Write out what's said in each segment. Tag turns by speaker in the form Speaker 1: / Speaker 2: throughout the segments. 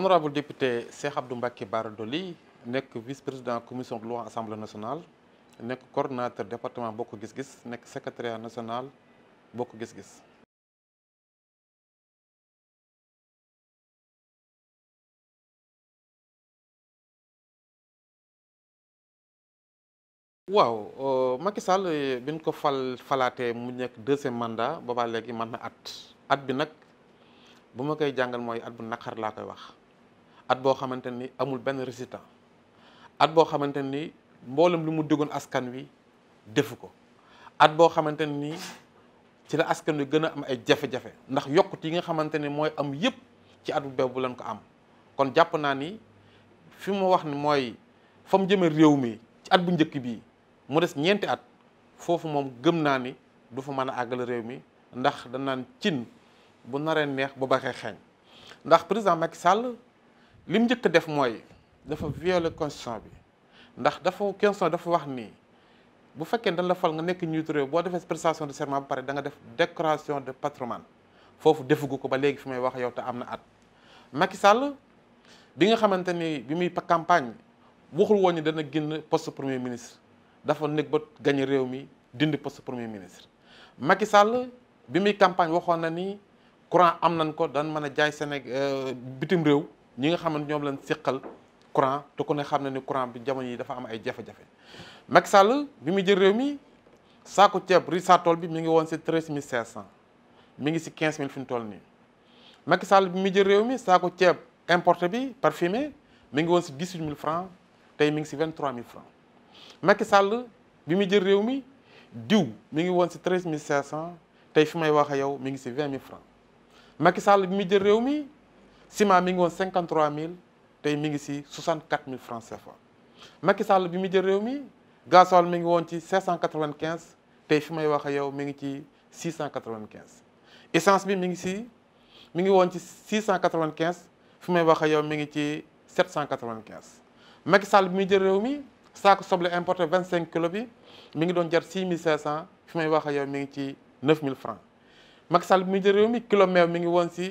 Speaker 1: honorable député Cheikh Abdou Mbacké Baradoli, Dolly vice-président commission de loi assemblée nationale nekk coordinateur département Boko gis-gis secrétaire national bokk gis-gis waaw euh, Macky Sall euh, bin ko fal falaté mu nek deuxième mandat baba légui mën at at bi nak buma ma koy jàngal mooy at bu naqar la koy wax at boo xamante ni amul benn résultat at boo xamante ni mboolem lu mu digoon askan wi defu ko at boo xamante ni ci la askan wi gën a am ay jafe-jafe ndax yokkut yi nga xamante ni mooy am yëpp ci at bu beew bu leen ko am kon jàpp naa ni fi mu wax ni mooy fa mu réew mi ci at bu njëkk bii mu des ñeenti at foofu moom gëm naa ni du fa mën a àggal réew mi ndax danaan cin bu naree neex bu baxee xeeñ ndax président Macky Sall lim njëkk def mooy dafa violer constitution bi ndax dafa constitution dafa wax nii bu fekkee dañ la fal nga nekk njiitu réew boo defee prestation de serment ba pare da def déclaration de patrimoine foofu defugu ko ba léegi fi may wax yow te am na at. Macky Sall bi nga xamante ni bi muy campagne waxul woon ni dana génn poste premier ministre dafa nekk ba gagné réew mi dindi poste premier ministre Macky Sall bi muy campagne waxoon na nii courant am nañ ko daan mën a jaay Sénégal euh, bitim réew. Même quand on vient dans le cercle Kurang, tout ce qu'on a à faire est de faire des achats. Mais quels salles? Bien sûr, les Ça coûte quoi? Pour les sacs 13 600. On m'a 15 000 francs le midi Mais quels Ça coûte quoi? Importer des 18 000 francs. Ça fait 23 000 francs. Mais quels salles? Bien sûr, les eaux 13 600. Ça fait 22 000 francs. Mais quels salles? Bien si je 53 000, je suis 64 000 francs CFA. Macky Sall, quand je suis venu, je suis 695 et je suis 695. Essence, je suis 695 et je suis 795. Macky Sall, quand je suis sac importé 25 kg, je suis 6500 et je suis 9 000 francs. je suis en le kilomètre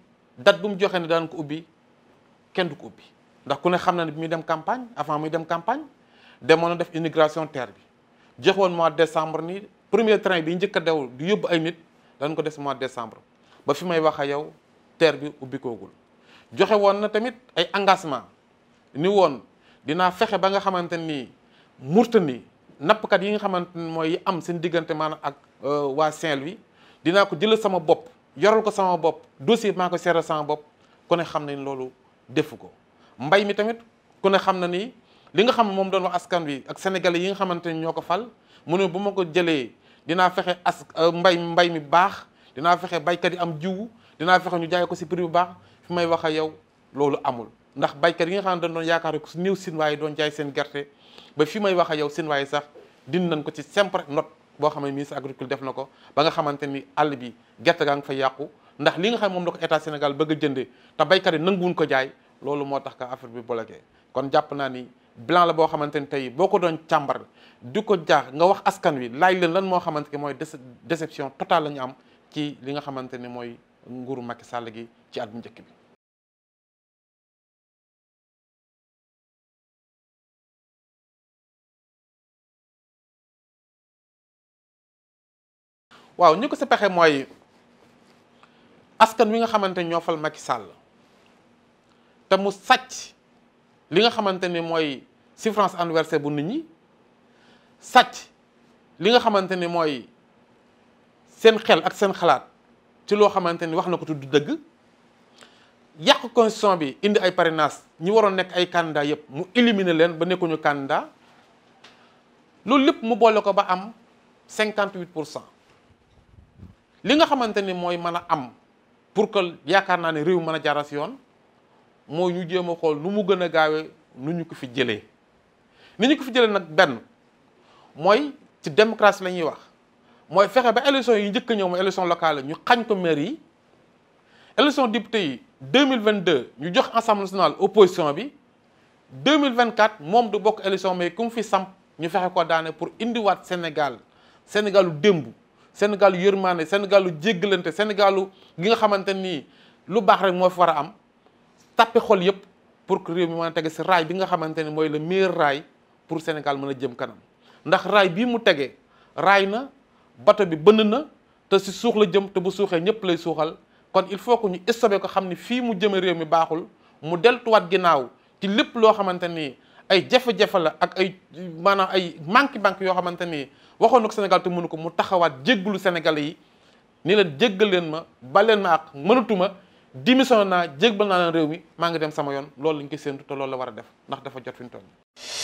Speaker 1: dat bu mu joxe ne daan ko ubbi kenn du ko ubbi ndax ku ne xam na ni bi muy dem campagne avant muy dem campagne demoon def immigration terre bi joxoon mois décembre ni premier train bi njëkk a du di yóbbu ay nit dañ ko des mois décembre ba fi may wax a yow terre bi ubbi koogul joxe woon na tamit ay engagement ni woon dinaa fexe ba nga xamante ni Mauritanie nappkat yi nga xamante ni mooy am seen diggante maanaam ak euh, waa Saint-Louis dinaa ko sama bopp yoral ko sama bopp dossier maa ko seeral sama bopp ku ne xam nañ loolu defu ko mbay mi tamit ku ne xam na ni li nga xam ne moom doon wax askan wi ak sénégalais yi nga xamante ni ñoo ko fal mu ne bu ma ko jëlee dinaa fexe as euh, mbay mbay mi baax dinaa fexe baykat yi am jiwu dinaa fexe ñu jaay ko si prix bu baax fi may wax a yow loolu amul ndax baykat yi nga xam ne dañ doon yaakaar ko su néew waaye doon jaay seen gerte ba fi may wax a yow sinwaay sax din nañ ko ci sempre note boo xam ne ministre agriculture def na ko ba nga xamante ni àll bi gerte gaa nga fa yàqu ndax li nga xam moom la ko état Sénégal bëgg a jëndee te baykat yi nanguwuñ ko jaay loolu moo tax ka affaire bi bloqué kon jàpp naa ni bilan la boo xamante ni tey boo ko doon càmbar di ko jaax nga wax askan wi laaj leen lan moo xamante ni mooy déception totale la ñu am ci li nga xamante ni mooy nguuru Macky sàll gi ci at bu njëkk bi waaw ñu ko si pexe mooy askan wi nga xamante ñoo fal Macky Sall te mu sàcc li nga xamante ne mooy souffrance anniversaire bu nit ñi sàcc li nga xamante ne mooy seen xel ak seen xalaat ci loo xamante ni wax na ko tudd dëgg yàq constitution bi indi ay parrainage ñi waroon nekk ay candidat yëpp mu éliminer leen ba nekkuñu candidat loolu lépp mu boole ko ba am 58 pour cent li nga xamanteni moy mooy am pour que yaakaar naa ne réew mën a jaara yoon mooy ñu jéem xol nu mu gëna gaawé nu ñu ko fi jëlé ni ñu ko fi jëlé nak benn moy ci démocratie la wax moy fexé ba élection yi njëkk a ñëw mooy élection locale ñu xagn ko maire yi élection député yi 2022 ñu jox assemblée nationale opposition bi 2024 mom du bok élection mais ku fi samp ñu fexé ko daané pour indiwaat Sénégal sénégal Sénégalu dembu Sénégal yu yërmaane Sénégal lu jéggalante Sénégal gi nga xamante nii lu baax rek moo fi war a am tàppe xol yëpp pour que réew mi mën a tege si raay bi nga xamante ne mooy la meilleur raay pour Sénégal mën a jëm kanam ndax raay bii mu tege raay na bato bi bënn na te si suux la jëm te bu suuxee ñëpp lay suuxal kon il faut que ñu stoppé ko xam ni fii mu jëme réew mi baaxul mu deltuwaat ginnaaw ci lépp loo xamante nii ay jafe-jafe la ak ay maanaam ay manque manque yoo xamante ni waxoon na ko Sénégal te mënu ko mu taxawaat jéggalu Sénégalais yi ni leen jéggal leen ma ba leen ma ak mënatuma démission naa jégbal naa leen réew mi maa ngi dem sama yoon loolu lañ koy séentu te loolu la war a def ndax dafa jot fi mu toll